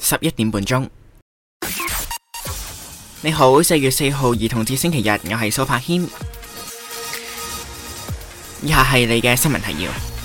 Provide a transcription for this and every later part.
十一點半鐘，你好，四月四號兒童節星期日，我係蘇柏軒，以下係你嘅新聞提要。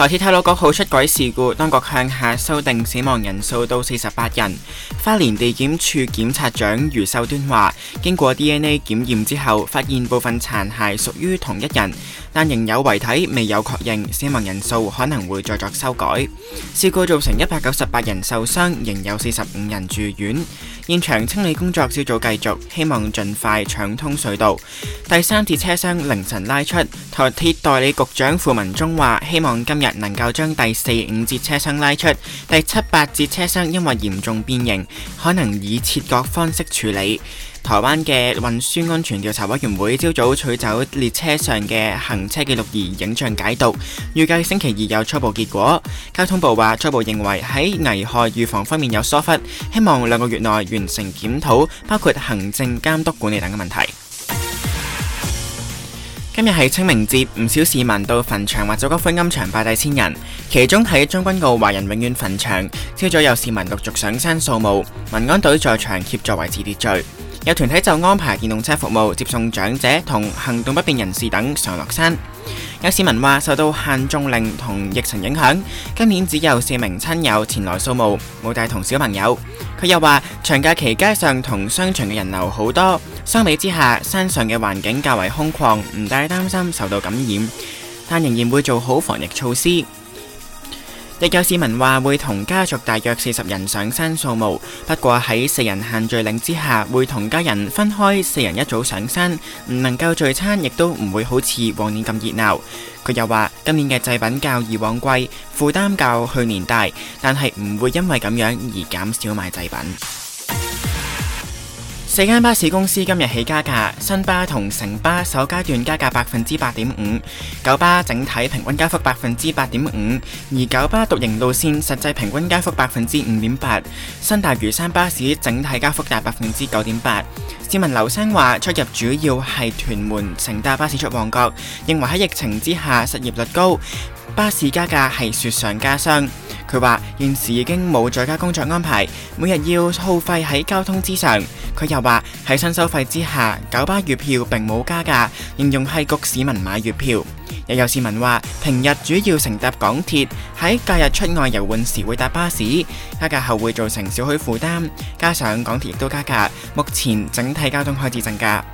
台鐵太魯閣號出軌事故，當局向下修訂死亡人數到四十八人。花蓮地檢署檢察長余秀端話：經過 DNA 檢驗之後，發現部分殘骸屬於同一人。但仍有遺體未有確認，死亡人數可能會再作修改。事故造成一百九十八人受傷，仍有四十五人住院。現場清理工作朝早繼續，希望盡快搶通隧道。第三節車廂凌晨拉出。台鐵代理局長傅文忠話：希望今日能夠將第四、五節車廂拉出。第七、八節車廂因為嚴重變形，可能以切割方式處理。台灣嘅運輸安全調查委員會朝早取走列車上嘅行車記錄儀影像解讀，預計星期二有初步結果。交通部話初步認為喺危害預防方面有疏忽，希望兩個月內完成檢討，包括行政監督管理等嘅問題。 今日係清明節，唔少市民到墳場或者骨灰庵場拜祭先人，其中喺將軍澳華人永遠墳場，朝早有市民陸續上山掃墓，民安隊在場協助維持秩序。，有團體就安排電動車服務，接送長者同行動不便人士等上落山。有市民話受到限聚令同疫情影響，今年只有四名親友前來掃墓，冇帶同小朋友。佢又話長假期街上同商場嘅人流好多，相比之下山上嘅環境較為空曠，唔太擔心受到感染，但仍然會做好防疫措施。亦有市民話會同家族大約四十人上山掃墓，不過喺四人限聚令之下，會同家人分開四人一組上山，唔能夠聚餐，亦都唔會好似往年咁熱鬧。佢又話今年嘅祭品較以往貴，負擔較去年大，但係唔會因為咁樣而減少買祭品。四間巴士公司今日起加價，新巴同城巴首階段加價百分之八點五，九巴整體平均加幅百分之八點五，而九巴獨營路線實際平均加幅百分之五點八，新大嶼山巴士整體加幅達百分之九點八。市民劉生話：出入主要係屯門乘搭巴士出旺角，認為喺疫情之下失業率高。巴士加價係雪上加霜，佢話現時已經冇在家工作安排，每日要耗費喺交通之上。佢又話喺新收費之下，九巴月票並冇加價，形容係焗市民買月票。又有市民話，平日主要乘搭港鐵，喺假日出外遊玩時會搭巴士，加價後會造成少許負擔，加上港鐵亦都加價，目前整體交通開始增加。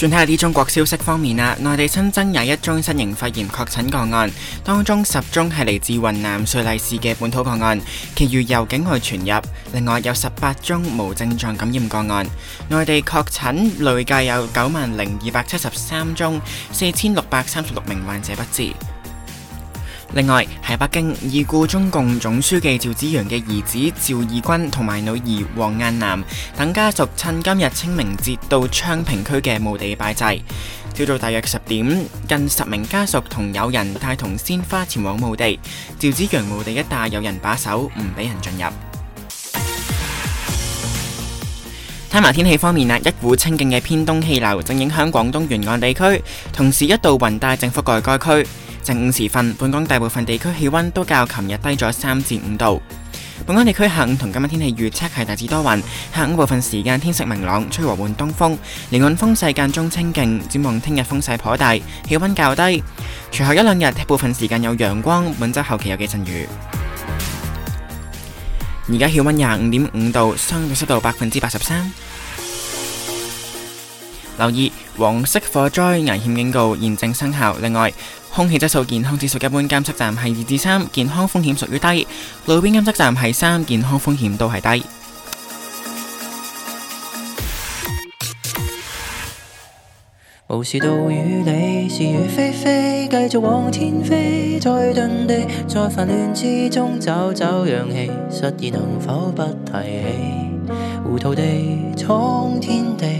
轉睇下啲中國消息方面啦，內地新增廿一宗新型肺炎確診個案，當中十宗係嚟自雲南瑞麗市嘅本土個案，其餘由境外傳入。另外有十八宗無症狀感染個案，內地確診累計有九萬零二百七十三宗，四千六百三十六名患者不治。另外，喺北京，已故中共總書記趙紫陽嘅兒子趙義軍同埋女兒王雁南等家屬，趁今日清明節到昌平區嘅墓地拜祭。朝早大約十點，近十名家屬同友人帶同鮮花前往墓地。趙紫陽墓地一帶有人把守，唔俾人進入。睇埋天氣方面啊，一股清勁嘅偏東氣流正影響廣東沿岸地區，同時一道雲帶正覆蓋該區。正午時分，本港大部分地區氣溫都較琴日低咗三至五度。本港地區下午同今日天氣預測係大致多雲，下午部分時間天色明朗，吹和緩東風，沿岸風勢間中清勁。展望聽日風勢頗大，氣溫較低。隨後一兩日部分時間有陽光，本周後期有幾陣雨。而家氣溫廿五點五度，相對濕度百分之八十三。留意黃色火災危險警告現正生效。另外，空氣質素健康指數一般監測站係二至三，健康風險屬於低；路邊監測站係三，健康風險都係低。無視道與理，是與非非，繼續往天飛，再遁地，在煩亂之中找找氧氣，失意能否不提起？糊塗地闖天地。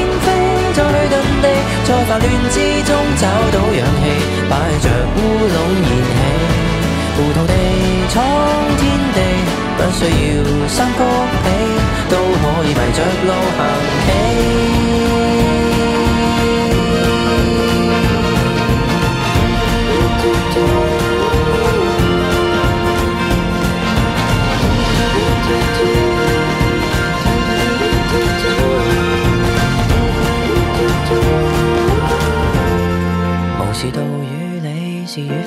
在煩亂之中找到氧氣，擺着烏龍燃起，糊塗地闖天地，不需要三伏氣，都可以迷着路行起。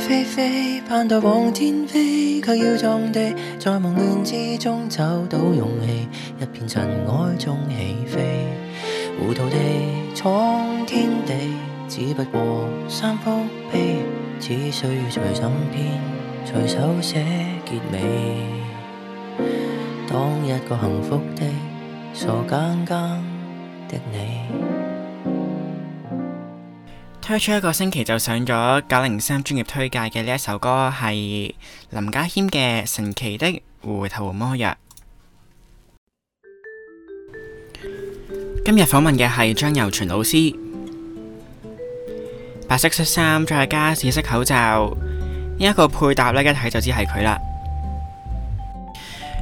飛飛，盼到往天飛，卻要撞地，在夢亂之中找到勇氣，一片塵埃中起飛，糊塗地闖天地，只不過三幅被，只需要隨心編，隨手寫結尾，當一個幸福的傻更更的你。推出一個星期就上咗九零三專業推介嘅，呢一首歌係林家謙嘅神奇的糊塗魔藥。今日訪問嘅係張佑全老師，白色恤衫再加紫色口罩，呢一個配搭呢，一睇就知係佢啦。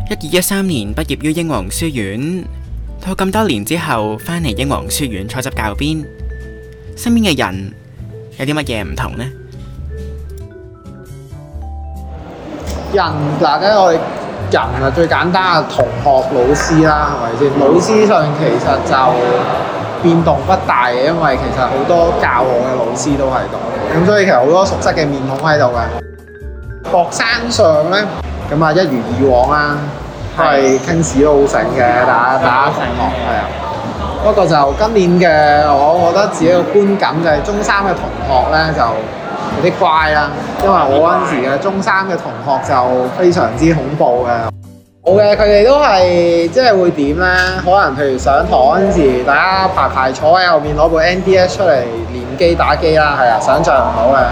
一二一三年畢業於英皇書院，到咁多年之後返嚟英皇書院坐執教鞭。身邊嘅人有啲乜嘢唔同呢？人啦，我哋人啊最簡單啊，同學老師啦，係咪先？老師上其實就變動不大嘅，因為其實好多教我嘅老師都係度，咁所以其實好多熟悉嘅面孔喺度嘅。學生上咧，咁啊一如以往啦，係傾史都好醒嘅，打打成嘅，係啊。不過就今年嘅，我覺得自己個觀感就係中三嘅同學呢，就有啲乖啦，因為我嗰陣時嘅中三嘅同學就非常之恐怖嘅。好嘅，佢哋都係即係會點呢？可能譬如上堂嗰陣時，大家排排坐喺後面攞部 NDS 出嚟連機打機啦，係啊，想像唔到嘅。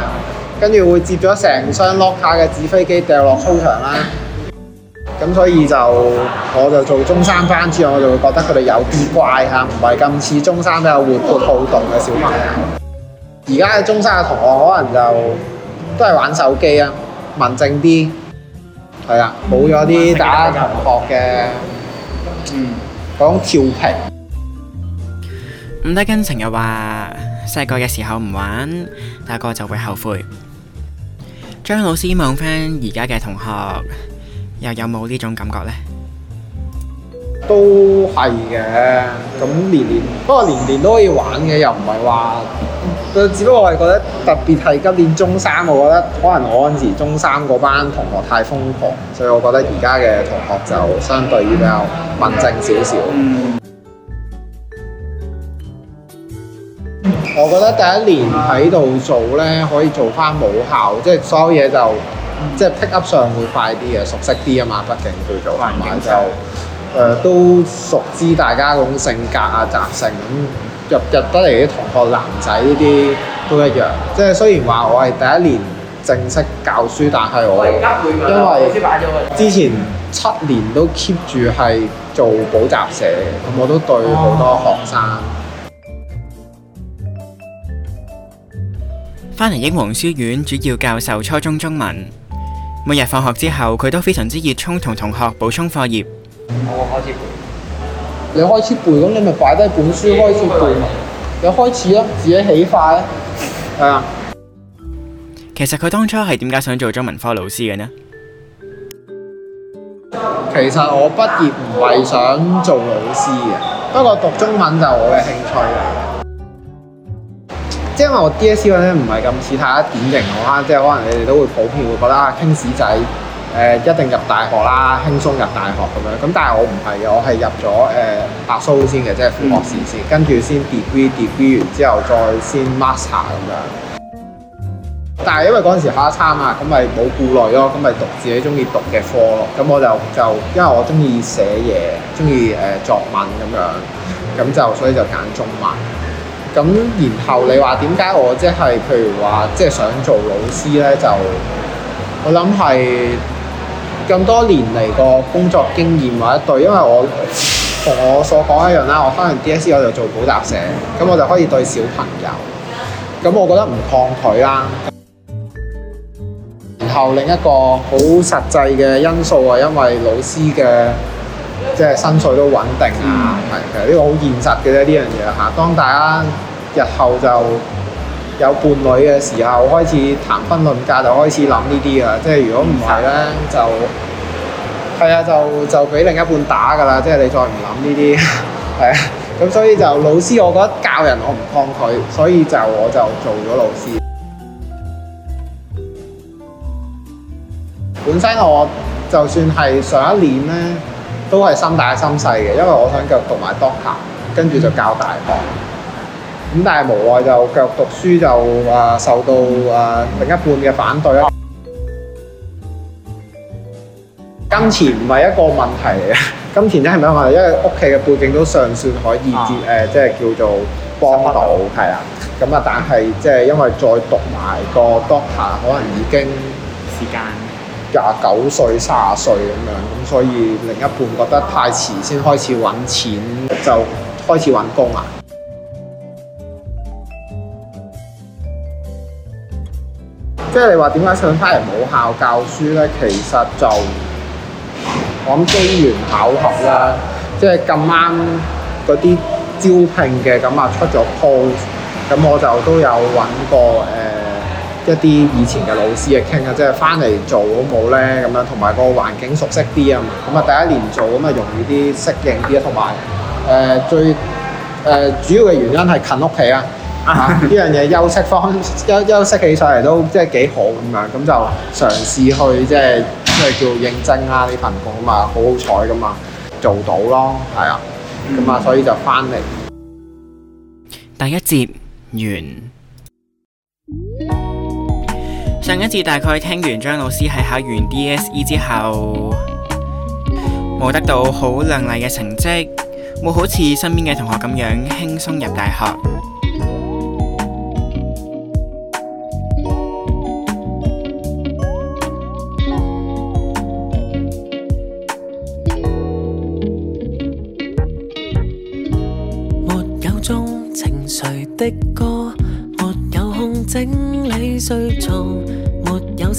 跟住會接咗成箱 lock 卡嘅紙飛機掉落操場啦。咁所以就我就做中山班之後，我就會覺得佢哋有啲怪嚇，唔係咁似中山比較活潑好動嘅小朋友。而家嘅中山嘅同學可能就都係玩手機啊，文靜啲。係啊，冇咗啲打同學嘅，嗯，講調皮。唔得跟成日話細個嘅時候唔玩，大個就會後悔。張老師望翻而家嘅同學。又有冇呢種感覺呢？都係嘅。咁年年不過年年都可以玩嘅，又唔係話。佢只不過我係覺得特別係今年中三，我覺得可能我嗰陣時中三嗰班同學太瘋狂，所以我覺得而家嘅同學就相對於比較文靜少少。嗯。我覺得第一年喺度做呢，可以做返母校，即係所有嘢就。即係 pick up 上會快啲嘅，熟悉啲啊嘛，畢竟最早，慢慢就誒、呃、都熟知大家嗰種性格啊、習性，咁入入得嚟啲同學，男仔呢啲都一樣。即係雖然話我係第一年正式教書，但係我因為之前七年都 keep 住係做補習社，咁我都對好多學生、哦。翻嚟英皇書院，主要教授初中中文。每日放學之後，佢都非常之熱衷同同學補充課業。我開始背， 你開始背咁，你咪擺低本書 開始背嘛？ 你開始咯，自己起發咧，係 啊 。其實佢當初係點解想做中文科老師嘅呢 ？其實我畢業唔係想做老師嘅，不過讀中文就我嘅興趣啦。因為我 DSE 嗰啲唔係咁似太典型啊，即係可能你哋都會普遍會覺得啊傾屎仔，誒、呃、一定入大學啦，輕鬆入大學咁樣。咁但係我唔係嘅，我係入咗誒 b a 先嘅，即係副學士先，嗯、跟住先 Degree Degree 完之後再先 Master 咁樣。但係因為嗰陣時考一餐啊，咁咪冇顧慮咯，咁咪讀自己中意讀嘅科咯。咁我就就因為我中意寫嘢，中意誒作文咁樣，咁就所以就揀中文。咁然後你話點解我即係譬如話即係想做老師呢？就我諗係咁多年嚟個工作經驗或者對，因為我同我所講一樣啦，我可能 DSE 我就做補習社，咁我就可以對小朋友，咁我覺得唔抗拒啦。然後另一個好實際嘅因素啊，因為老師嘅。即係薪水都穩定啊，係、嗯、其實呢個好現實嘅啫。呢樣嘢嚇。當大家日後就有伴侶嘅時候，開始談婚論嫁，就開始諗呢啲啦。即係如果唔係咧，嗯、就係啊，就就俾另一半打㗎啦。即係你再唔諗呢啲，係啊。咁所以就老師，我覺得教人我唔抗拒，所以就我就做咗老師。 本身我就算係上一年咧。都係心大心細嘅，因為我想繼續讀埋 doctor，跟住就教大學。咁但係無奈就繼續讀書就誒受到誒另一半嘅反對啦。金錢唔係一個問題嚟嘅，金錢呢係咪因為屋企嘅背景都尚算可以接誒，即係叫做幫到係啦。咁啊，但係即係因為再讀埋個 doctor，可能已經時間。廿九歲、卅歲咁樣，咁所以另一半覺得太遲先開始揾錢，就開始揾工啊。 即係你話點解上返嚟母校教書咧？其實就講機緣巧合啦。即係咁啱嗰啲招聘嘅咁啊出咗 post，咁我就都有揾過誒。一啲以前嘅老師啊傾啊，即係翻嚟做好冇咧咁樣，同埋個環境熟悉啲啊，咁啊第一年做咁啊容易啲適應啲、呃呃、啊，同埋誒最誒主要嘅原因係近屋企啊，呢樣嘢休息方休休息起上嚟都即係幾好咁樣，咁就嘗試去即係即係叫做應徵啦啲貧窮啊嘛，好好彩咁啊做到咯，係啊，咁啊所以就翻嚟。第一節完。上一次大概聽完張老師喺考完 DSE 之後，冇得到好靚麗嘅成績，冇好似身邊嘅同學咁樣輕鬆入大學。沒有種情緒的歌，沒有空整理睡床。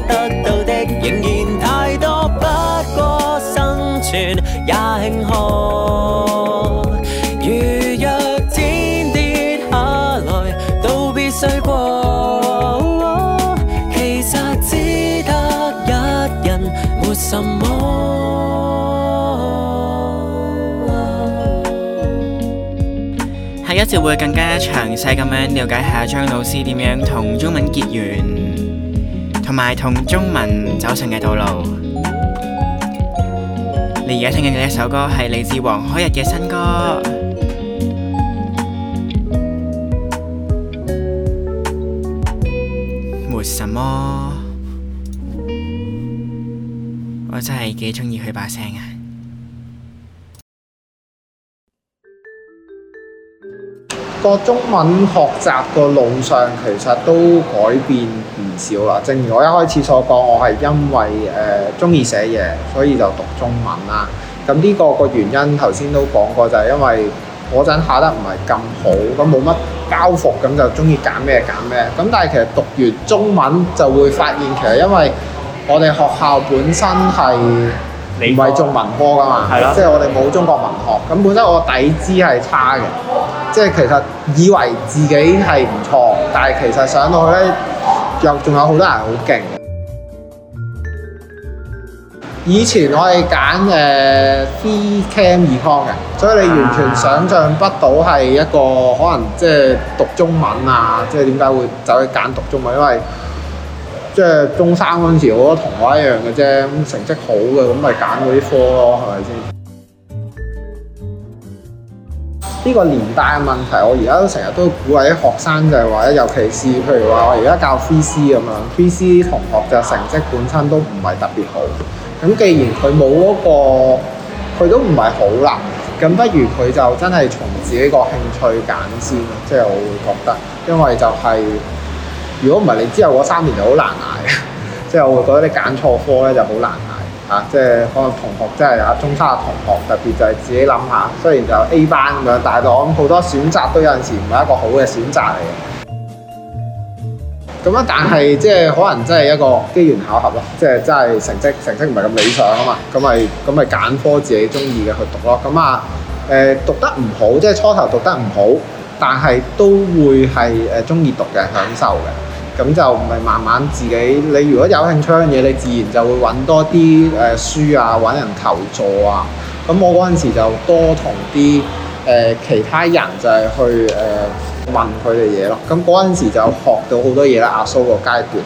得到的仍然太多，不過生存也慶賀，如若天跌下來，都必須過，哦。其實只得一人，沒什麼。下一節會更加詳細咁樣了解下張老師點樣同中文結緣。埋同中文走上嘅道路。你而家聽緊嘅呢一首歌係嚟自黃凱逸嘅新歌《沒什麼》。我真係幾鍾意佢把聲啊！個中文學習嘅路上其實都改變唔少啦。正如我一開始所講，我係因為誒中意寫嘢，所以就讀中文啦。咁呢、這個個原因頭先都講過，就係、是、因為嗰陣考得唔係咁好，咁冇乜包袱，咁就中意揀咩揀咩。咁但係其實讀完中文就會發現，其實因為我哋學校本身係唔係做文科噶嘛，即係過我哋冇中國文學，咁本身我底子係差嘅。即係其實以為自己係唔錯，但係其實上到去咧，又仲有好多人好勁。以前我哋揀誒 FreeCam 二康嘅，所以你完全想象不到係一個可能即係讀中文啊，即係點解會走去揀讀中文？因為即係中三嗰陣時，我同我一樣嘅啫，咁成績好嘅，咁咪揀嗰啲科咯，係咪先？呢個年代嘅問題，我而家都成日都鼓勵啲學生就係話咧，尤其是譬如話我而家教 VC 咁樣 v c 同學就成績本身都唔係特別好。咁既然佢冇嗰個，佢都唔係好難。咁不如佢就真係從自己個興趣揀先。即、就、係、是、我會覺得，因為就係、是、如果唔係你之後嗰三年就好難捱。即、就、係、是、我會覺得你揀錯科咧就好難。啊，即係可能同學，即係啊中三嘅同學，特別就係自己諗下，雖然就 A 班咁樣，但係我諗好多選擇都有陣時唔係一個好嘅選擇嚟嘅。咁啊，但係即係可能真係一個機緣巧合咯，即係真係成績成績唔係咁理想啊嘛，咁咪咁咪揀科自己中意嘅去讀咯。咁啊，誒讀得唔好，即係初頭讀得唔好，但係都會係誒中意讀嘅，享受嘅。咁就唔係慢慢自己。你如果有興趣呢樣嘢，你自然就會揾多啲誒書啊，揾人求助啊。咁我嗰陣時就多同啲誒其他人就係去誒、呃、問佢哋嘢咯。咁嗰陣時就學到好多嘢啦。阿蘇個階段，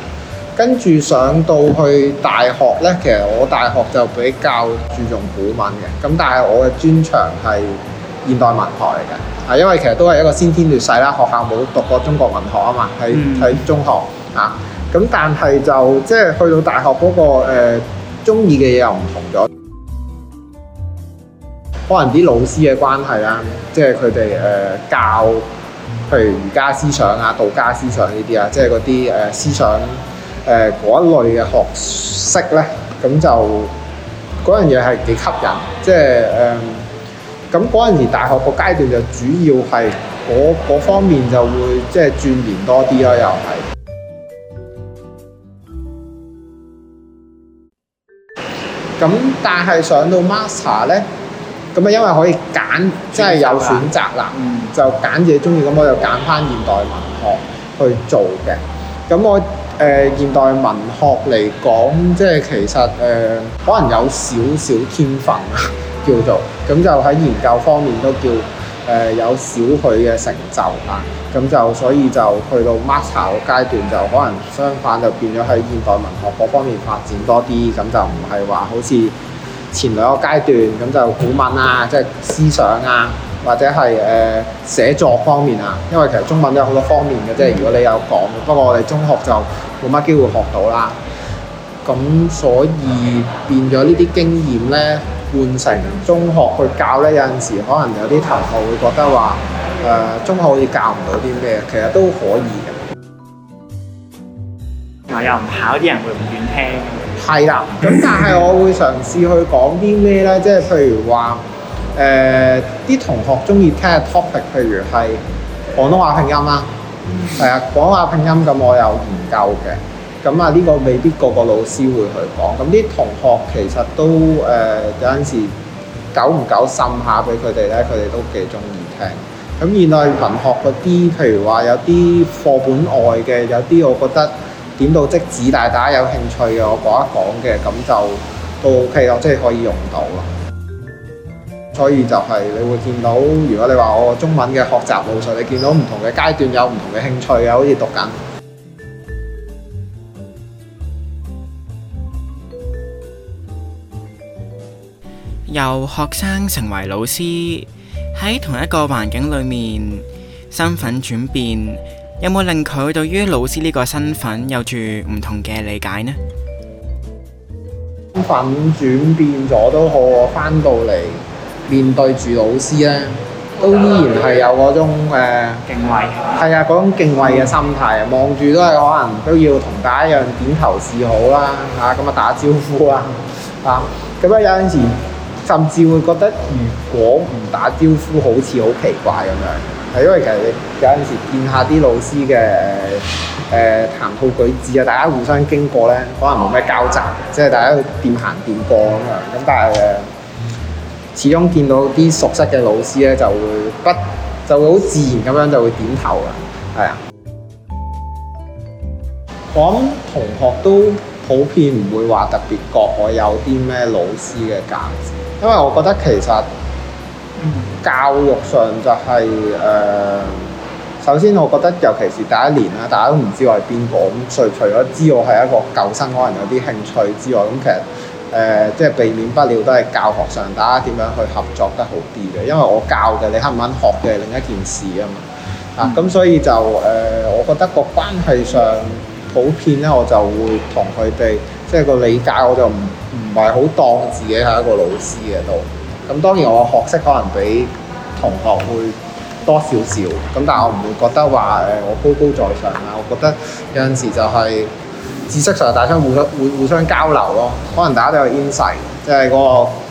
跟住上到去大學呢，其實我大學就比較注重古文嘅。咁但係我嘅專長係現代文學嚟嘅，啊，因為其實都係一個先天劣勢啦，學校冇讀過中國文學啊嘛，喺喺中學、嗯、啊，咁但係就即係去到大學嗰、嗰個誒，中意嘅嘢又唔同咗，嗯、可能啲老師嘅關係啦，即係佢哋誒教，譬如儒家思想啊、道家思想呢啲啊，即係嗰啲誒思想誒嗰、呃、一類嘅學識咧，咁就嗰樣嘢係幾吸引，即係誒。呃咁嗰陣時大學個階段就主要係嗰方面就會即係轉型多啲咯，又係。咁但係上到 Master 咧，咁啊因為可以揀，即係有選擇啦、嗯，就揀自己中意。咁我就揀翻現代文學去做嘅。咁我誒、呃、現代文學嚟講，即係其實誒、呃、可能有少少天分。 叫做咁就喺研究方面都叫誒、呃，有少許嘅成就啊，咁就所以就去到 master 個階段就可能相反就變咗喺現代文學嗰方面發展多啲，咁就唔係話好似前兩個階段咁就古文啊，即、就、係、是、思想啊，或者係誒寫作方面啊，因為其實中文都有好多方面嘅，即係如果你有講，不過我哋中學就冇乜機會學到啦。咁所以變咗呢啲經驗咧。換成中學去教呢，有陣時可能有啲同學會覺得話，誒、呃、中學好似教唔到啲咩，其實都可以嘅。又唔考啲人會唔願聽嘅，係啦。咁但係我會嘗試去講啲咩呢？即係譬如話，誒、呃、啲同學中意聽嘅 topic，譬如係廣東話拼音啦。係啊，廣東話拼音咁，我有研究嘅。咁啊，呢個未必個個老師會去講。咁啲同學其實都誒、呃、有陣時久唔久滲下俾佢哋咧，佢哋都幾中意聽。咁現代文學嗰啲，譬如話有啲課本外嘅，有啲我覺得點到即止，但大家有興趣嘅，我講一講嘅，咁就都 OK 咯，即係可以用到咯。所以就係你會見到，如果你話我中文嘅學習路數，你見到唔同嘅階段有唔同嘅興趣呀，好似讀緊。由學生成為老師，喺同一個環境裏面，身份轉變，有冇令佢對於老師呢個身份有住唔同嘅理解呢？身份轉變咗都好，我返到嚟面對住老師都依然係有嗰種欸敬畏係呀。嗰種敬畏嘅心態，望住都係可能都要同大家一樣點頭示好啦，咁打招呼啦。甚至會覺得如果唔打招呼，好似好奇怪咁樣。係因為其實有陣時見下啲老師嘅誒談吐舉止啊，大家互相經過咧，可能冇咩交集，即係大家掂行掂過咁樣。咁但係、呃、始終見到啲熟悉嘅老師咧，就會不就會好自然咁樣就會點頭喇。係啊，我諗同學都。普遍唔會話特別覺我有啲咩老師嘅價值，因為我覺得其實教育上就係、是、誒、呃，首先我覺得尤其是第一年啦，大家都唔知，知我係邊個咁，除除咗知我係一個舊生，可能有啲興趣之外，咁其實誒、呃、即係避免不了都係教學上大家點樣去合作得好啲嘅，因為我教嘅你肯唔肯學嘅另一件事啊嘛，咁、啊、所以就誒、呃，我覺得個關係上。普遍咧，我就會同佢哋即係個理解，我就唔唔係好當自己係一個老師嘅度。咁當然我學識可能比同學會多少少，咁但係我唔會覺得話誒我高高在上啦。我覺得有陣時就係知識上大家互相互互相交流咯。可能大家都有 insight、那個，即係嗰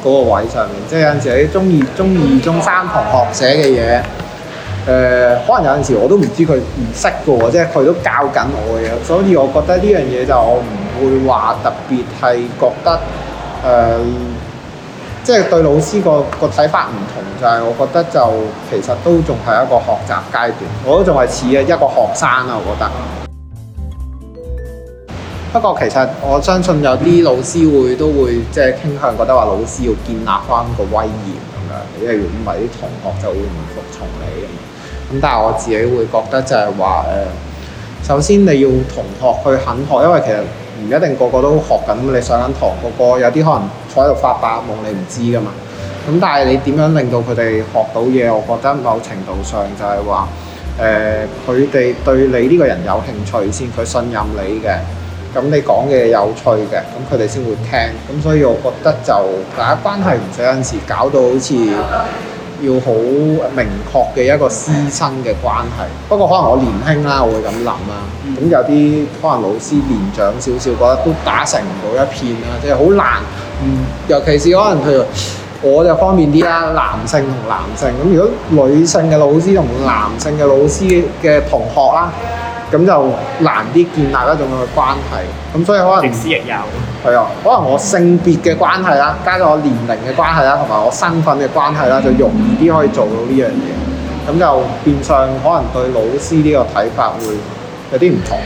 個位上面，即係有陣時你中二中二中三同學寫嘅嘢。誒、呃，可能有陣時我都唔知佢唔識嘅，即係佢都教緊我嘅，所以我覺得呢樣嘢就我唔會話特別係覺得誒、呃，即係對老師個個睇法唔同，就係、是、我覺得就其實都仲係一個學習階段，我都仲係似嘅一個學生啊，我覺得。 不過其實我相信有啲老師會都會即係傾向覺得話老師要建立翻個威嚴咁樣，因為如果唔係啲同學就會唔服從你。咁但係我自己會覺得就係話誒，首先你要同學去肯學，因為其實唔一定個個都學緊。你上緊堂，個個有啲可能坐喺度發白夢，你唔知噶嘛。咁但係你點樣令到佢哋學到嘢？我覺得某程度上就係話誒，佢哋對你呢個人有興趣先，佢信任你嘅，咁你講嘅嘢有趣嘅，咁佢哋先會聽。咁所以我覺得就大家關係唔使有陣時搞到好似。要好明確嘅一個師生嘅關係，不過可能我年輕啦，我會咁諗啦。咁有啲可能老師年長少少，覺得都打成唔到一片啦，即係好難。嗯，尤其是可能譬如，我就方便啲啦，男性同男性。咁如果女性嘅老師同男性嘅老師嘅同學啦，咁就難啲建立一種咁嘅關係。咁所以可能。係啊，可能我性別嘅關係啦，加咗我年齡嘅關係啦，同埋我身份嘅關係啦，就容易啲可以做到呢樣嘢。咁就變相可能對老師呢個睇法會有啲唔同。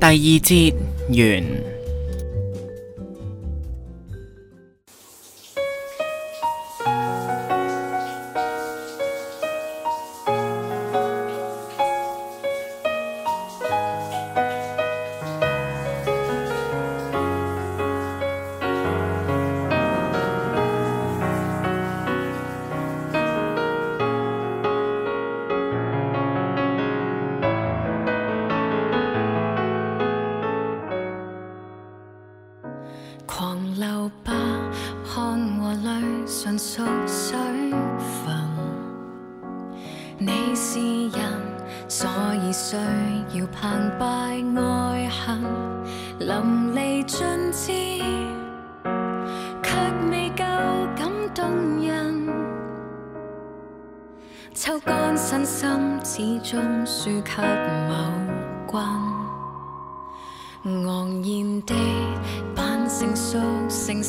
第二節完。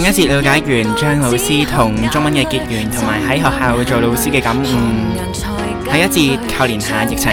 上一節了解完張老師同中文嘅結緣，同埋喺學校做老師嘅感悟，下一節靠練下疫情。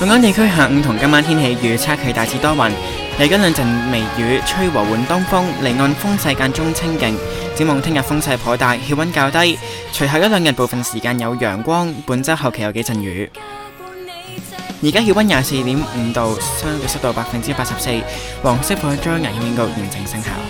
本港地區下午同今晚天氣預測係大致多雲，嚟緊兩陣微雨，吹和緩東風，離岸風勢間中清勁。展望聽日風勢頗大，氣溫較低。隨後一兩日部分時間有陽光，本周後期有幾陣雨。而家氣溫廿四點五度，相對濕度百分之八十四。黃色火災危險警告現正生效。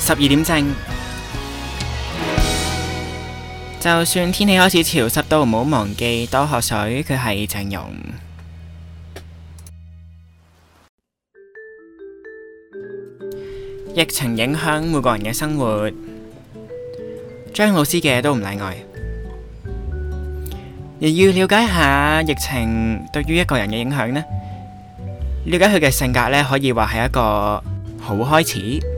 十二點正，就算天氣開始潮濕，都唔好忘記多喝水。佢係鄭融。疫情影響每個人嘅生活，張老師嘅都唔例外。亦要了解下疫情對於一個人嘅影響呢，了解佢嘅性格呢，可以話係一個好開始。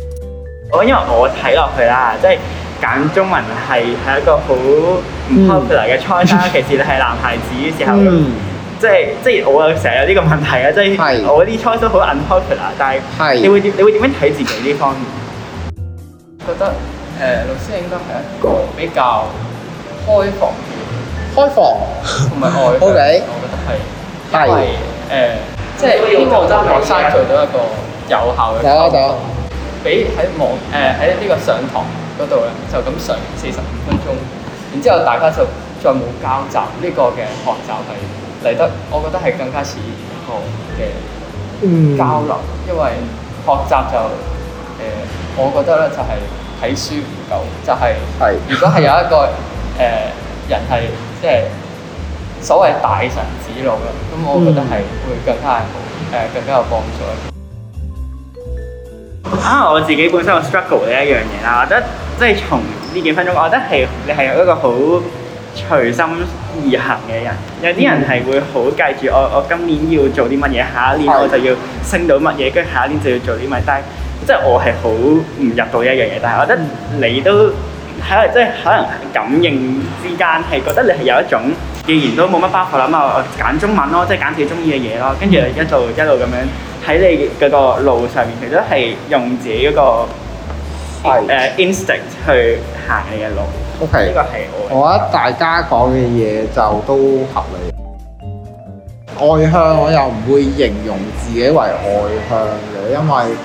我因為我睇落去啦，即係揀中文係係一個好唔 popular 嘅 choice 啦。嗯、其實你係男孩子嘅時候，嗯、即係即係我成日有呢個問題啊，即係是我啲 choice 都好 unpopular 但係你會點？你會點樣睇自己呢方面？是覺得誒、呃、老師應該係一個比較開放、開放同埋愛嘅。 我覺得係係誒，即係希望真係學生做到一個有效嘅俾喺網誒喺呢個上堂嗰度咧，就咁上四十五分鐘，然之後大家就再冇交集呢、呢個嘅學習係嚟得，我覺得係更加似一個嘅交流，嗯、因為學習就誒、呃，我覺得咧就係、係、睇書唔夠，就係、係、如果係有一個誒、呃、人係即係所謂大神指路啦，咁我覺得係會更加係好、呃、更加有幫助。啊！我自己本身我 struggle 呢一樣嘢啦，我覺得即係從呢幾分鐘，我覺得係你係一個好隨心而行嘅人。有啲人係會好計住，我我今年要做啲乜嘢，下一年我就要升到乜嘢，跟住下一年就要做啲乜。但係即係我係好唔入到一樣嘢，但係我覺得你都喺即係可能感應之間係覺得你係有一種。既然都冇乜包袱，咁啊，我揀中文咯，即係揀自己鍾意嘅嘢咯。跟住一路一路咁樣喺你嗰個路上面，其實係用自己嗰個係誒，instinct 去行你嘅路。OK，呢個係我。我覺得大家講嘅嘢就都合理。外向，我又唔會形容自己為外向嘅，因為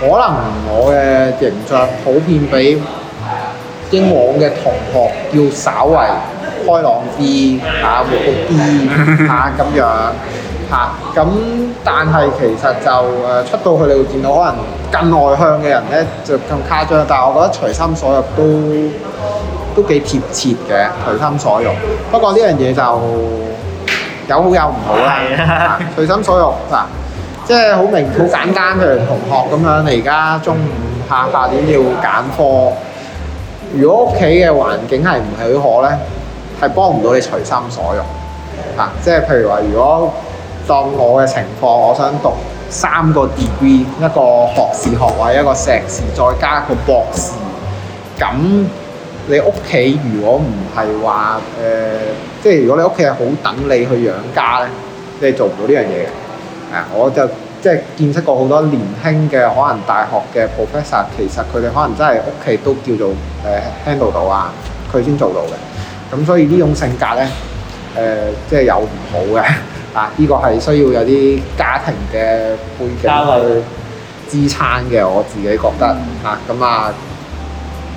可能我嘅形象普遍比英皇嘅同學要稍為開朗啲嚇，活潑啲嚇咁樣嚇，咁，但係其實就誒出到去你會見到，可能更外向嘅人咧就更誇張。但係我覺得隨心所欲都都幾貼切嘅，隨心所欲。不過呢樣嘢就有好有唔好啦。隨心所欲嗱，即係好明好簡單。譬如同學咁樣，你而家中午下下點要揀科？如果屋企嘅環境係唔許可咧？係幫唔到你隨心所欲嚇、啊，即係譬如話，如果當我嘅情況，我想讀三個 degree，一個學士學位，一個碩士，再加一個博士，咁你屋企如果唔係話誒，即係如果你屋企係好等你去養家咧，即係做唔到呢樣嘢嘅、啊。我就即係見識過好多年輕嘅可能大學嘅 professor，其實佢哋可能真係屋企都叫做、呃、handle 到啊，佢先做到嘅。咁所以呢種性格咧，誒、呃，即係有唔好嘅，啊，呢個係需要有啲家庭嘅背景去支撐嘅。我自己覺得，嚇、嗯，咁啊，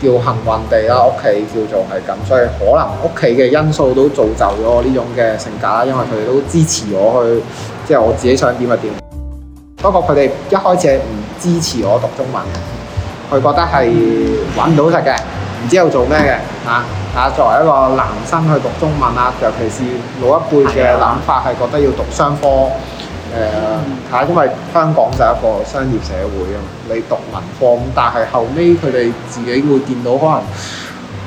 叫「幸運地」啦，屋企叫做係咁，所以可能屋企嘅因素都造就咗我呢種嘅性格啦。因為佢哋都支持我去，即係我自己想點就點。 不過佢哋一開始係唔支持我讀中文，佢覺得係搵唔到食嘅，唔 知做做咩嘅。啊！啊！作為一個男生去讀中文啊，尤其是老一輩嘅諗法係覺得要讀商科誒。啊的、呃！因為香港就係一個商業社會啊嘛，你讀文科但係後尾佢哋自己會見到可能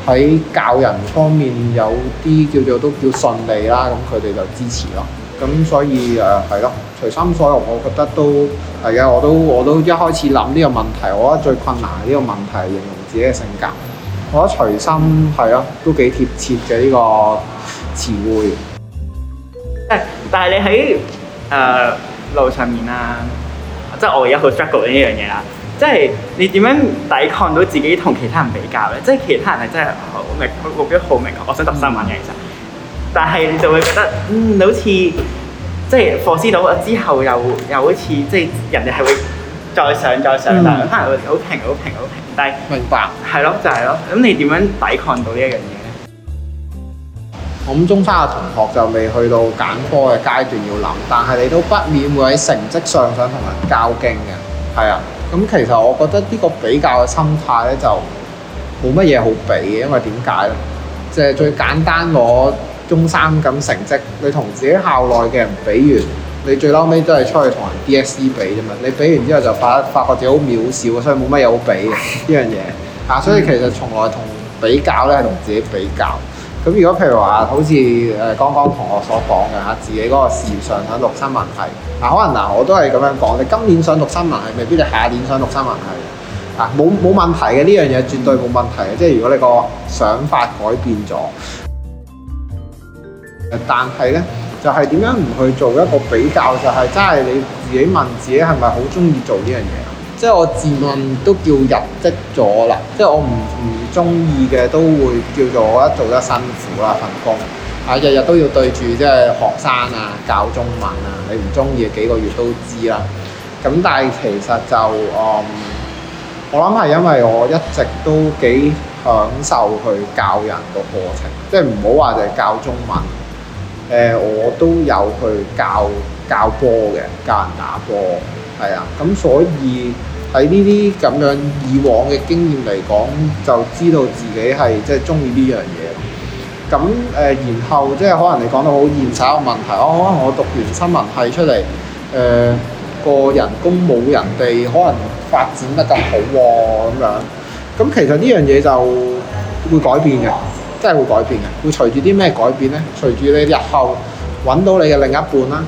喺教人方面有啲叫做都叫順利啦，咁佢哋就支持咯。咁所以誒係咯，隨心所欲，我覺得都係嘅。我都我都一開始諗呢個問題，我覺得最困難呢個問題係形容自己嘅性格。我覺得隨心係咯，都幾貼切嘅呢，這個詞彙、呃。即但係你喺誒路上面啊，即係我而家好 struggle 呢樣嘢啦。即係你點樣抵抗到自己同其他人比較咧？即係其他人係真係好明，目標好明，我想讀新聞嘅其實。但係你就會覺得，嗯，好似即係 Focus 到之後又又好似即係人哋係會再上再上，嗯、但係反而我好平好平好平。明白，係咯就係咯，咁你點樣抵抗到呢一樣嘢咧？咁中三嘅同學就未去到揀科嘅階段要諗，但係你都不免會喺成績上想同人較勁嘅，係啊。咁其實我覺得呢個比較嘅心態咧就冇乜嘢好比嘅，因為點解咧？即係最簡單，攞中三咁成績，你同自己校內嘅人比完。你最撈尾都係出去同人 DSE 比啫嘛，你比完之後就發發覺自己好渺小，所以冇乜嘢好比嘅呢樣嘢。啊，所以其實從來同比較咧係同自己比較。咁如果譬如話好似誒剛剛同學所講嘅嚇，自己嗰個事業上想讀新聞系，嗱、啊、可能嗱、啊、我都係咁樣講，你今年想讀新聞係未必，你下年想讀新聞係啊，冇冇問題嘅，呢樣嘢絕對冇問題嘅，即係如果你個想法改變咗，但係咧。就係點樣唔去做一個比較？就係真係你自己問自己係咪好中意做呢樣嘢？即係我自問都叫入職咗啦。即係我唔唔中意嘅都會叫做我覺得做得辛苦啦份工。啊，日日都要對住即係學生啊，教中文啊，你唔中意嘅幾個月都知啦。咁但係其實就嗯，我諗係因為我一直都幾享受去教人個過程，即係唔好話就係教中文。誒我都有去教教波嘅，教人打波，係啊，咁、嗯、所以喺呢啲咁樣以往嘅經驗嚟講，就知道自己係即係中意呢樣嘢。咁、就、誒、是嗯嗯，然後即係可能你講得好現實嘅問題，我、啊、可能我讀完新聞系出嚟，誒、呃、個人工冇人哋可能發展得更好喎，咁、嗯、樣。咁、嗯嗯嗯嗯、其實呢樣嘢就會改變嘅。 真係會改變嘅，會隨住啲咩改變呢？隨住你日後揾到你嘅另一半啦，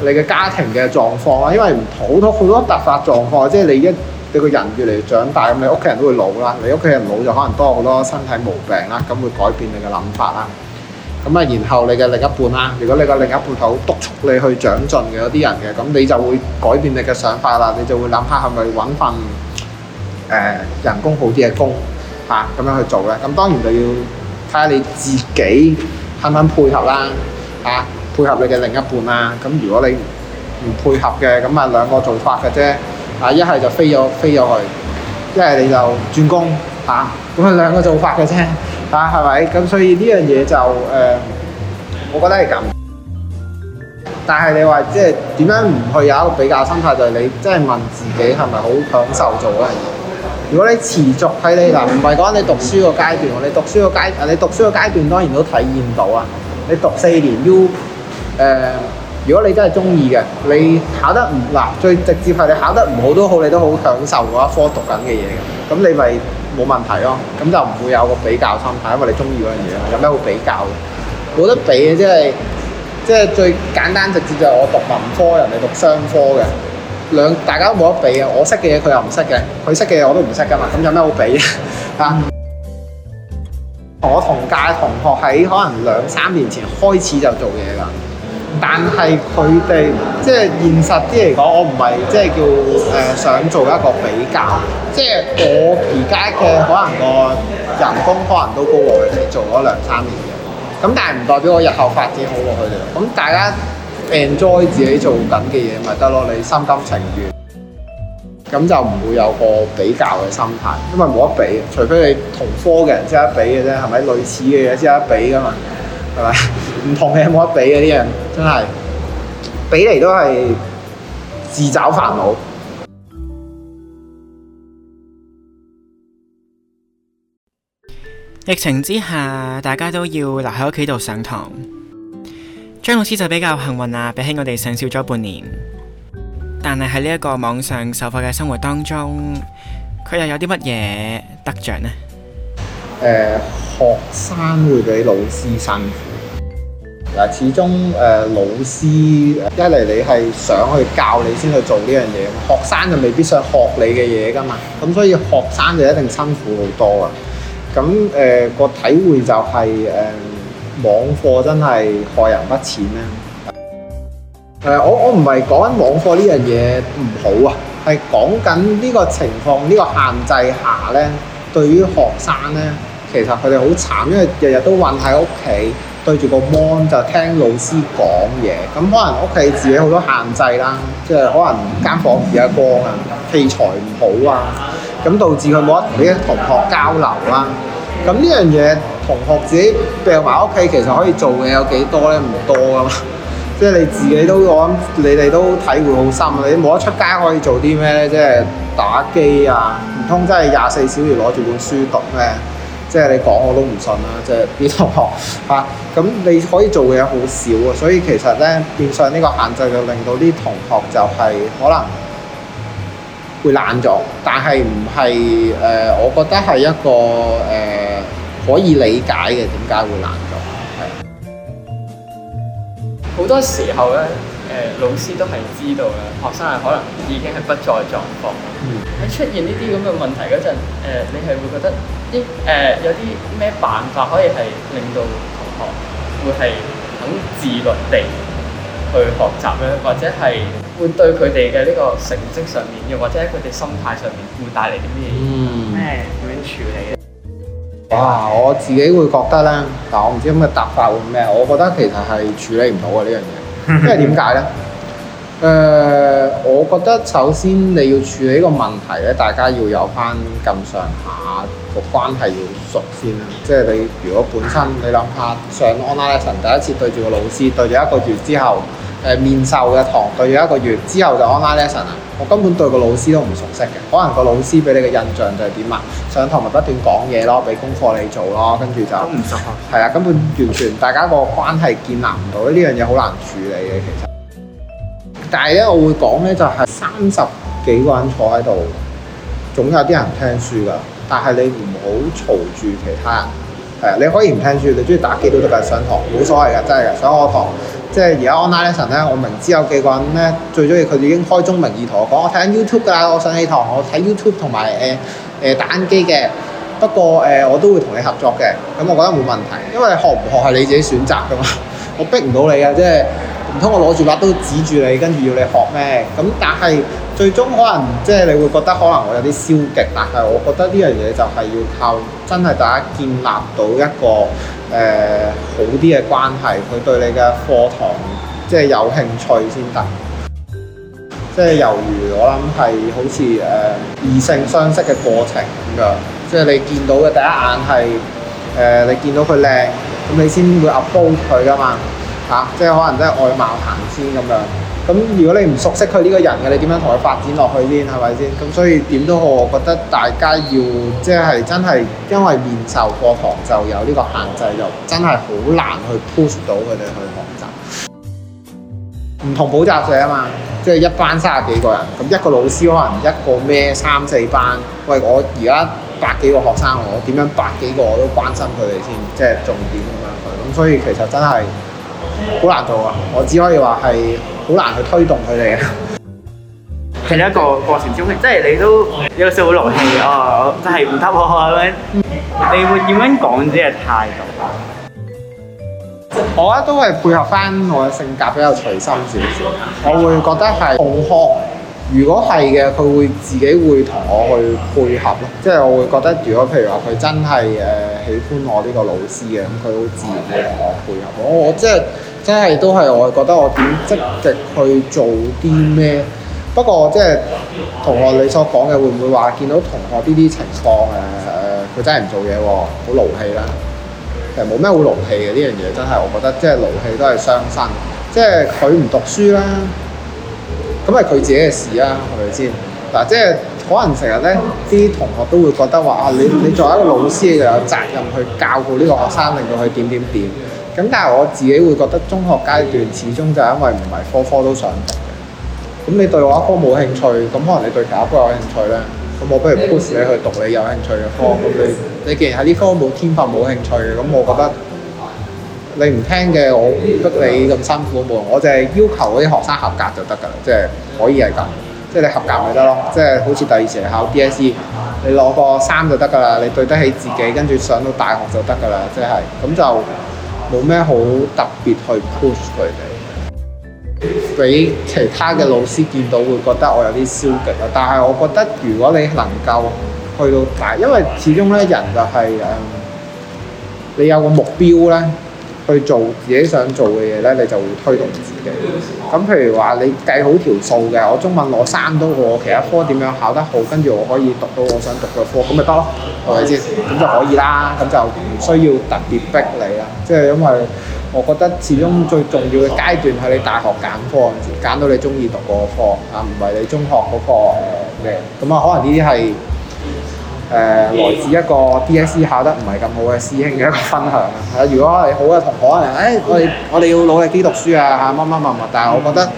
你嘅家庭嘅狀況啦，因為好多好多突發狀況，即係你一你個人越嚟越長大，咁你屋企人都會老啦，你屋企人老就可能多好多身體毛病啦，咁會改變你嘅諗法啦。咁啊，然後你嘅另一半啦，如果你嘅另一半好督促你去長進嘅嗰啲人嘅，咁你就會改變你嘅想法啦，你就會諗下係咪揾份誒人工好啲嘅工嚇咁樣去做呢？咁當然就要。睇下你自己肯唔肯配合啦，嚇配合你嘅另一半啦。咁如果你唔配合嘅，咁啊兩個做法嘅啫。啊一係就飛咗飛入去，一係你就轉工嚇。咁啊兩個做法嘅啫，嚇係咪？咁所以呢樣嘢就誒，我覺得係咁。但係你話即係點樣唔去有一個比較心態，就係你即係問自己係咪好享受做呢樣嘢？如果你持續睇你嗱，唔係講你讀書個階段喎，你讀書個階，啊你讀書個階段當然都體驗到啊。你讀四年 U，誒、呃，如果你真係中意嘅，你考得唔嗱最直接係你考得唔好都好，你都好享受嗰一科讀緊嘅嘢嘅。咁你咪冇問題咯。咁就唔會有個比較心態，因為你中意嗰樣嘢，有咩好比較？冇得比嘅，即係即係最簡單直接就係我讀文科，人哋讀商科嘅。兩大家都冇得比啊！我識嘅嘢佢又唔識嘅，佢識嘅嘢我都唔識噶嘛，咁有咩好比啊？ 嗯、我同屆同學喺可能兩三年前開始就做嘢㗎，但係佢哋即係現實啲嚟講，我唔係即係叫誒、呃、想做一個比較，即係我而家嘅可能個人工可能都高過佢哋做咗兩三年嘅，咁但係唔代表我日後發展好過佢哋咯。咁大家，enjoy 自己做緊嘅嘢咪得咯，你心甘情願，咁就唔會有個比較嘅心態，因為冇得比，除非你同科嘅人先 得比嘅啫，係咪？類似嘅嘢先得比㗎嘛，係咪？唔同嘅冇得比嘅啲人真係，比嚟都係自找煩惱。疫情之下，大家都要留喺屋企度上堂。張老師就比較幸運啦，比起我哋上少咗半年。但係喺呢一個網上授課嘅生活當中，佢又有啲乜嘢得着呢？誒、呃，學生會比老師辛苦。嗱、呃，始終誒、呃，老師一嚟你係想去教你先去做呢樣嘢，學生就未必想學你嘅嘢噶嘛。咁所以學生就一定辛苦好多啊。咁誒，個、呃、體會就係、是、誒。呃網課真係害人不淺咧。誒、uh，我我唔係講緊網課呢樣嘢唔好啊，係講緊呢個情況、呢、呢個限制下咧，對於學生咧，其實佢哋好慘，因為日日都困喺屋企，對住個 mon 就聽老師講嘢。咁可能屋企自己好多限制啦，即係可能間房唔得光啊，器材唔好啊，咁導致佢冇得同啲同學交流啦。咁呢樣嘢，同學自己釘埋屋企，其實可以做嘅有幾多咧？唔多噶嘛，即係你自己都我諗，你哋都體會好深。你冇得出街可以做啲咩咧？即係打機啊，唔通真係廿四小時攞住本書讀咩？即係你講我都唔信啦。即係啲同學啊，咁你可以做嘅嘢好少啊，所以其實咧，變相呢個限制就令到啲同學就係可能會懶咗。但係唔係誒？我覺得係一個誒。可以理解嘅，點解會難做？係好多時候咧，誒、呃、老師都係知道啦，學生係可能已經係不再狀況、嗯、在狀況。喺出現呢啲咁嘅問題嗰陣、呃，你係會覺得啲誒、呃、有啲咩辦法可以係令到同學會係肯自律地去學習咧，或者係會對佢哋嘅呢個成績上面，又或者佢哋心態上面會帶，會帶嚟啲咩？咩點樣處理？哇！我自己會覺得咧，但我唔知咁嘅答法會咩？我覺得其實係處理唔到嘅呢樣嘢，因為點解呢？誒、呃，我覺得首先你要處理個問題咧，大家要有翻咁上下個關係要熟先啦。即係你如果本身你諗下上 online lesson 第一次對住個老師，對住一個月之後。誒面授嘅堂對咗一個月之後就 online lesson 啦， 我根本對個老師都唔熟悉嘅，可能個老師俾你嘅印象就係點啊？上堂咪不斷講嘢咯，俾功課你做咯，跟住就，都唔適合。係啊，根本完全大家個關係建立唔到，呢樣嘢好難處理嘅其實。但係咧，我會講咧就係三十幾個人坐喺度，總有啲人聽書㗎，但係你唔好嘈住其他人。係啊，你可以唔聽住，你中意打機都得噶，上堂冇所謂㗎，真係噶。上我堂即係而家 online lesson 咧，我明知有幾個人咧最中意佢哋已經開宗明義同我講，我睇緊 YouTube 㗎啦，我上起堂我睇 YouTube 同埋誒、呃、誒、呃、打緊機嘅。不過誒、呃、我都會同你合作嘅，咁、嗯、我覺得冇問題，因為學唔學係你自己選擇㗎嘛，我逼唔到你㗎，即係唔通我攞住把刀指住你跟住要你學咩？咁、嗯、但係。最終可能即係你會覺得可能我有啲消極，但係我覺得呢樣嘢就係要靠真係大家建立到一個誒、呃、好啲嘅關係，佢對你嘅課堂即係有興趣先得。 即係由於我諗係好似誒、呃、異性相識嘅過程咁樣，即係你見到嘅第一眼係誒、呃、你見到佢靚，咁你先會 appeal 佢㗎嘛嚇、啊，即係可能真係外貌行先咁樣。咁如果你唔熟悉佢呢個人嘅，你點樣同佢發展落去先係咪先？咁所以點都好，我覺得大家要即係、就是、真係因為面授過堂就有呢個限制，就真係好難去 push 到佢哋去學習。唔 同補習社啊嘛，即、就、係、是、一班三十幾個人，咁一個老師可能一個咩三四班。喂，我而家百幾個學生，我點樣百幾個我都關心佢哋先，即係重點咁樣。咁所以其實真係好難做啊！我只可以話係。好難去推動佢哋嘅。係一個過程中，即係你都有少好勞氣啊，真係唔得我咁樣，你會點樣講即係態度？我咧都係配合翻我嘅性格比較隨心少少，我會覺得係好學，如果係嘅，佢會自己會同我去配合咯。即係我會覺得，如果譬如話佢真係誒喜歡我呢個老師嘅，咁佢會自然會同我配合。我我即係。即係都係我覺得我點積極去做啲咩？不過即係同學你所講嘅會唔會話見到同學呢啲情況誒佢真係唔做嘢喎，好、啊、勞氣啦、啊。其實冇咩好勞氣嘅呢樣嘢，真係我覺得即係勞氣都係傷身。即係佢唔讀書啦，咁係佢自己嘅事啦，係咪先？嗱、啊，即係可能成日咧啲同學都會覺得話啊，你你作為一個老師，你就有責任去教導呢個學生，令到佢點點點。咁但係我自己會覺得中學階段始終就因為唔係科科都想讀嘅，咁你對我一科冇興趣，咁可能你對其他科有興趣咧，咁我不如 push 你去讀你有興趣嘅科。咁你你既然喺呢科冇天分冇興趣嘅，咁我覺得你唔聽嘅，我逼你咁辛苦我淨係要求嗰啲學生合格就得噶啦，即係可以係咁，即係你合格咪得咯，即係好似第二次考 DSE，你攞個三就得噶啦，你對得起自己，跟住上到大學就得噶啦，即係咁就。冇咩好特別去 push 佢哋，俾其他嘅老師見到會覺得我有啲消極咯。但係我覺得如果你能夠去到大，因為始終咧人就係誒，你有個目標咧，去做自己想做嘅嘢咧，你就會推動自己。咁譬如話，你計好條數嘅，我中文攞三都，我其他科點樣考得好，跟住我可以讀到我想讀嘅科，咁咪得咯，係咪先？咁就可以啦，咁就唔需要特別逼你啦。即係因為我覺得始終最重要嘅階段係你大學揀科，揀到你中意讀個科啊，唔係你中學嗰個咩？咁啊，可能呢啲係。誒來自一個 DSE 考得唔係咁好嘅師兄嘅一個分享啊，如果係好嘅同學，誒我哋我哋要努力啲讀書啊吓，乜乜乜乜，但係我覺得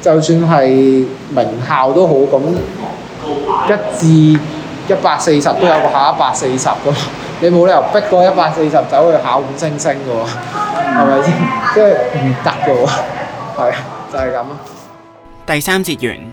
就算係名校都好，咁一至一百四十都有個考一百四十㗎嘛，你冇理由逼個一百四十走去考五星星㗎喎，係咪先？即係唔得㗎喎，係啊，就係咁囉。第三節完。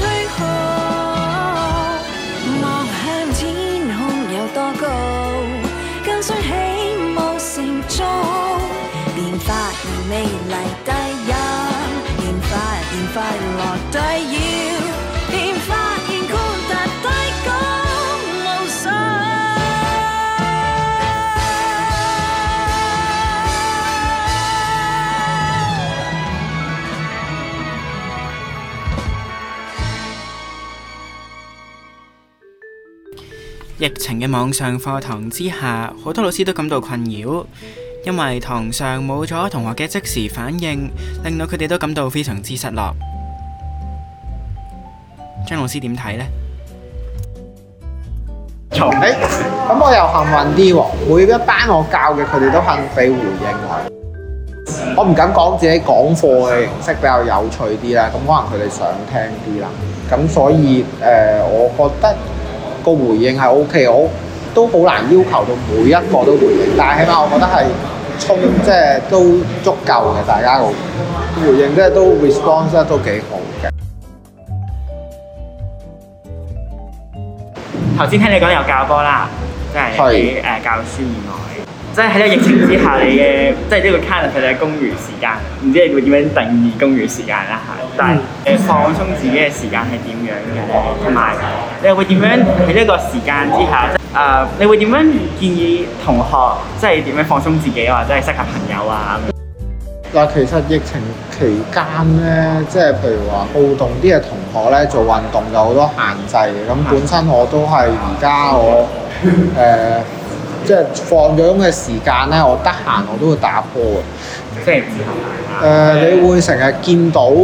疫情嘅網上課堂之下，好多老師都感到困擾，因為堂上冇咗同學嘅即時反應，令到佢哋都感到非常之失落。張老師點睇呢？咁我又幸運啲喎，每一班我教嘅佢哋都肯俾回應我。我唔敢講自己講課嘅形式比較有趣啲啦，咁可能佢哋想聽啲啦。咁所以誒，我覺得。個回應係 OK，我都好難要求到每一個都回應，但係起碼我覺得係充即係都足夠嘅，大家個回應即係都 response 得都幾好嘅。頭先聽你講有教波啦，即係喺誒教書以外。即係喺呢個疫情之下，你嘅即係呢個 calculus 嘅公餘時間，唔知你會點樣定義公餘時間啦嚇？但係誒放鬆自己嘅時間係點樣嘅咧？同埋你會點樣喺呢個時間之下？即、呃、誒，你會點樣建議同學即係點樣放鬆自己或者係適合朋友啊？嗱，其實疫情期間咧，即係譬如話好動啲嘅同學咧，做運動有好多限制嘅。咁、嗯、本身我都係而家我誒。嗯 okay. 呃即係放咗咁嘅時間咧，我得閒我都會打波嘅，即係籃球，誒，你會成日見到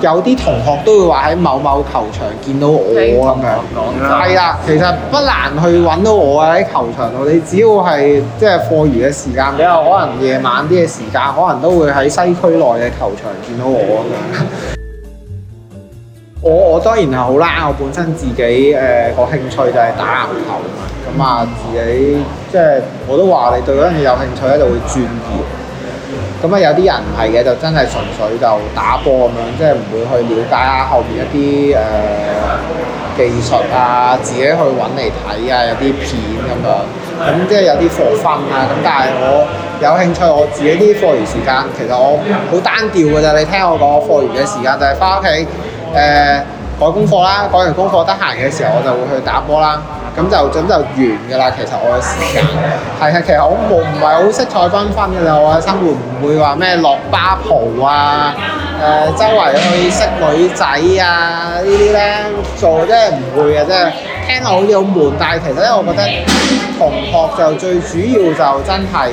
有啲同學都會話喺某某球場見到我咁樣，係啦， 其實不難去搵到我喺球場度。你只要係即係課餘嘅時間，比較 可能夜晚啲嘅時間，可能都會喺西區內嘅球場見到我咁樣。 我我當然係好啦，我本身自己誒個興趣就係打籃球嘛，咁啊自己即係我都話你對嗰樣嘢有興趣咧就會專業。咁啊有啲人唔係嘅就真係純粹就打波咁樣，即係唔會去了解下後邊一啲誒、呃、技術啊，自己去揾嚟睇啊，有啲片咁樣，咁即係有啲課分啊。咁但係我有興趣，我自己啲課餘時間其實我好單調㗎咋，你聽我講課餘嘅時間就係翻屋企。誒改功課啦，改完功課得閒嘅時候，我就會去打波啦。咁就準就完㗎啦。其實我嘅時間係啊，其實我冇唔係好色彩繽紛㗎啦。我嘅生活唔會話咩落巴蒲啊，誒周圍去識女仔啊呢啲咧，做真係唔會嘅即係。聽落好似好悶，但係其實咧，我覺得同學就最主要就真係誒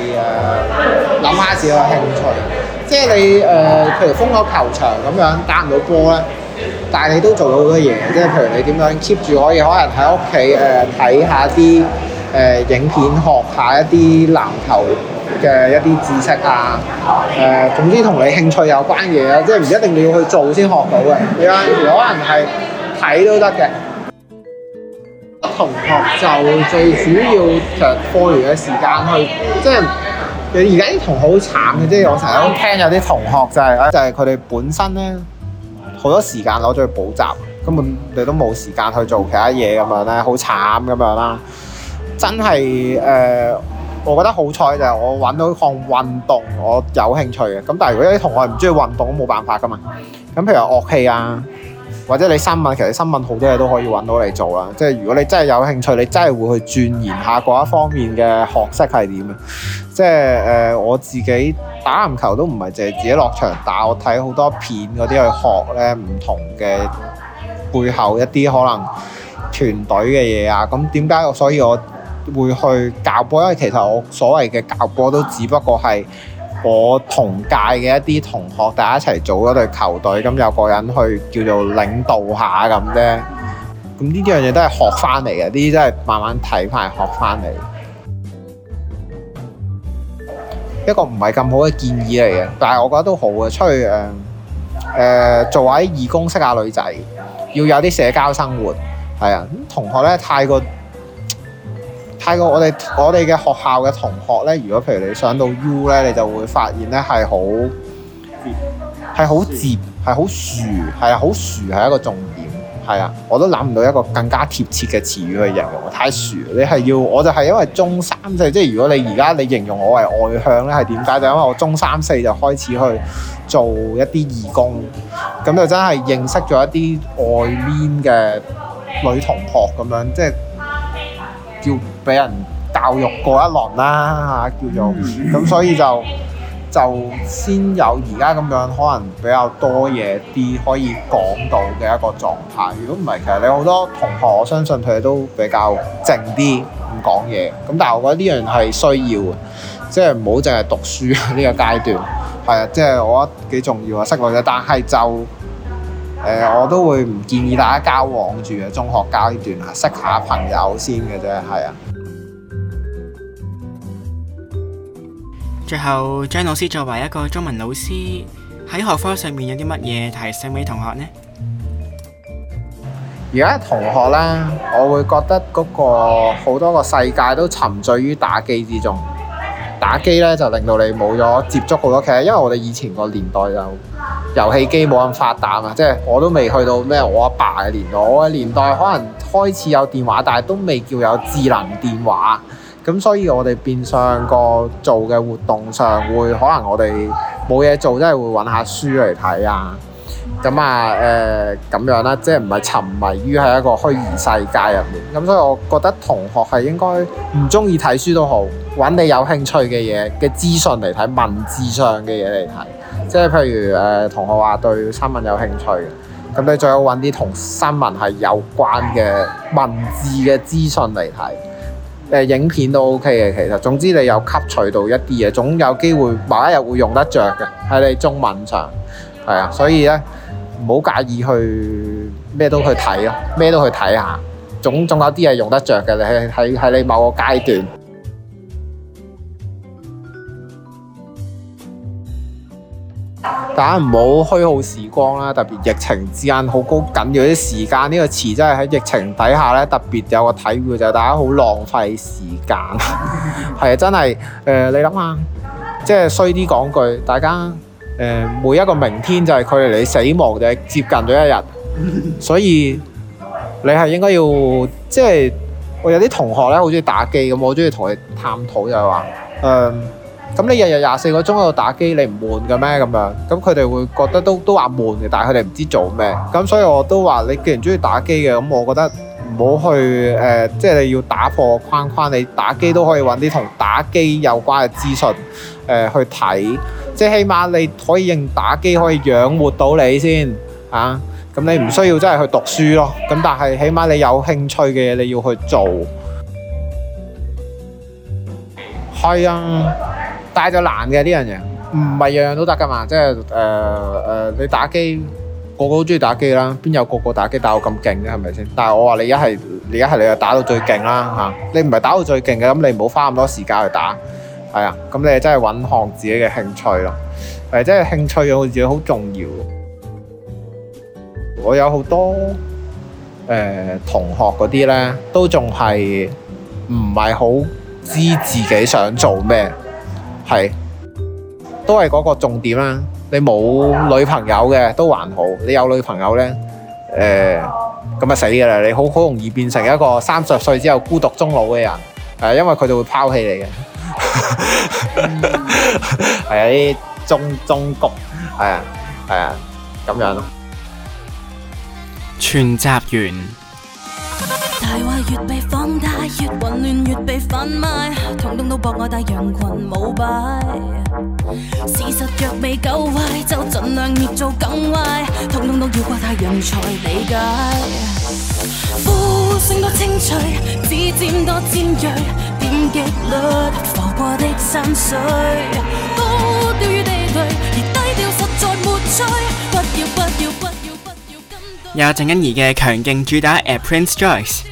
諗下自己嘅興趣，即係你誒，譬如封咗球場咁樣打唔到波咧。但係你都做到好多嘢，即係譬如你點樣 keep 住可以可能喺屋企誒睇下啲誒影片，學下一啲籃球嘅一啲知識啊，誒總之同你興趣有關嘅嘢啊，即係唔一定你要去做先學到嘅。有時可能係睇都得嘅。同學就最主要其實課餘嘅時間去，即係你而家啲同學好慘嘅，即係我成日都聽有啲同學就係啊，就係佢哋本身咧。好多時間攞咗去補習，根本你都冇時間去做其他嘢咁樣咧，好慘咁樣啦。真係誒、呃，我覺得好彩就係我揾到項運動我有興趣嘅。咁但係如果有啲同學唔中意運動，都冇辦法噶嘛。咁譬如樂器啊。或者你新聞，其實新聞好多嘢都可以揾到你做啦，即係如果你真係有興趣，你真係會去鑽研下嗰一方面嘅學識係點嘅。即係誒、呃，我自己打籃球都唔係淨係自己落場打，但我睇好多片嗰啲去學呢唔同嘅背後一啲可能團隊嘅嘢啊。咁點解所以我會去教波？因為其實我所謂嘅教波都只不過係。我同屆嘅一啲同學，大家一齊組咗隊球隊，咁有個人去叫做領導下咁啫。咁呢啲嘢都係學翻嚟嘅，呢啲真係慢慢睇翻嚟學翻嚟。一個唔係咁好嘅建議嚟嘅，但係我覺得都好嘅，出去誒誒、呃呃、做下啲義工，識下女仔，要有啲社交生活。係啊，同學咧太過。太過我哋我哋嘅學校嘅同學咧，如果譬如你上到 U 咧，你就會發現咧係好係好接係好熟係好熟，係一個重點，係啊，我都諗唔到一個更加貼切嘅詞語去形容。太熟，你係要我就係因為中三四，即係如果你而家你形容我為外向咧，係點解？就因為我中三四就開始去做一啲義工，咁就真係認識咗一啲外面嘅女同學咁樣，即係。要俾人教育過一輪啦嚇，叫做咁，所以就就先有而家咁樣，可能比較多嘢啲可以講到嘅一個狀態。如果唔係，其實你好多同學，我相信佢哋都比較靜啲唔講嘢。咁但係我覺得呢樣係需要，即係唔好淨係讀書呢個階段，係啊，即係、就是、我覺得幾重要啊，識女仔但係就誒、呃，我都會唔建議大家交往住嘅。中學階段啊，識下朋友先嘅啫，係啊。最後，張老師作為一個中文老師，喺學科上面有啲乜嘢提醒俾同學呢？而家同學咧，我會覺得嗰、那個好多個世界都沉醉於打機之中，打機呢，就令到你冇咗接觸好多劇，因為我哋以前個年代就～遊戲機冇咁發達啊，即係我都未去到咩，我阿爸嘅年代，我嘅年代可能開始有電話，但係都未叫有智能電話。咁所以，我哋變相個做嘅活動上，會可能我哋冇嘢做，即係會揾下書嚟睇啊。咁啊，誒、呃、咁樣啦，即係唔係沉迷於喺一個虛擬世界入面。咁所以，我覺得同學係應該唔中意睇書都好，揾你有興趣嘅嘢嘅資訊嚟睇，文字上嘅嘢嚟睇。即係譬如誒、呃、同學話對新聞有興趣，咁你最好揾啲同新聞係有關嘅文字嘅資訊嚟睇，誒、呃、影片都 OK 嘅其實。總之你有吸取到一啲嘢，總有機會某一日會用得着嘅喺你中文上，係啊，所以咧唔好介意去咩都去睇咯，咩都去睇下，總總有啲嘢係用得着嘅，你喺喺你某個階段。大家唔好虛耗時光啦，特別疫情之間好高緊要啲時間呢，呢個詞，真係喺疫情底下咧特別有個體會，就係大家好浪費時間，係啊 真係誒、呃、你諗下，即係衰啲講句，大家誒、呃、每一個明天就係距離你死亡就係接近咗一日，所以你係應該要即係我有啲同學咧好中意打機咁，我中意同佢探討就係話誒。呃咁你日日廿四個鐘喺度打機，你唔悶嘅咩？咁樣咁佢哋會覺得都都話悶嘅，但係佢哋唔知做咩。咁所以我都話你既然中意打機嘅，咁我覺得唔好去誒、呃，即係你要打破框框。你打機都可以搵啲同打機有關嘅資訊去睇，即係起碼你可以認打機可以養活到你先啊。咁你唔需要真係去讀書咯。咁但係起碼你有興趣嘅嘢你要去做。係 啊。但咗就難嘅呢樣嘢，唔係樣樣都得㗎嘛。即係誒誒，你打機個個都中意打機啦，邊有個個打機打到咁勁嘅？係咪先？但係我話你一係，你一係你就打到最勁啦嚇，你唔係打到最勁嘅，咁你唔好花咁多時間去打，係啊。咁你真係搵項自己嘅興趣咯，誒、啊，即係興趣嘅我自己好重要。我有好多誒、呃、同學嗰啲咧，都仲係唔係好知自己想做咩。係，都係嗰個重點啦。你冇女朋友嘅都還好，你有女朋友呢，誒、呃，咁咪死噶啦！你好好容易變成一個三十歲之後孤獨終老嘅人，誒、呃，因為佢就會拋棄你嘅，係啲 中終局，係啊，係啊，咁樣咯、啊。全集完。大話越被放大，越混亂，越被販賣，通通都博我帶羊群舞擺。事實若未夠壞，就盡量越做更壞，通通都要怪太陽才理解。呼聲多清脆，指尖多尖銳，點擊率浮誇的山水。高調與地對，而低調實在沒趣。不要不要不要不要跟，有鄭欣宜嘅強勁主打 @princejoycee。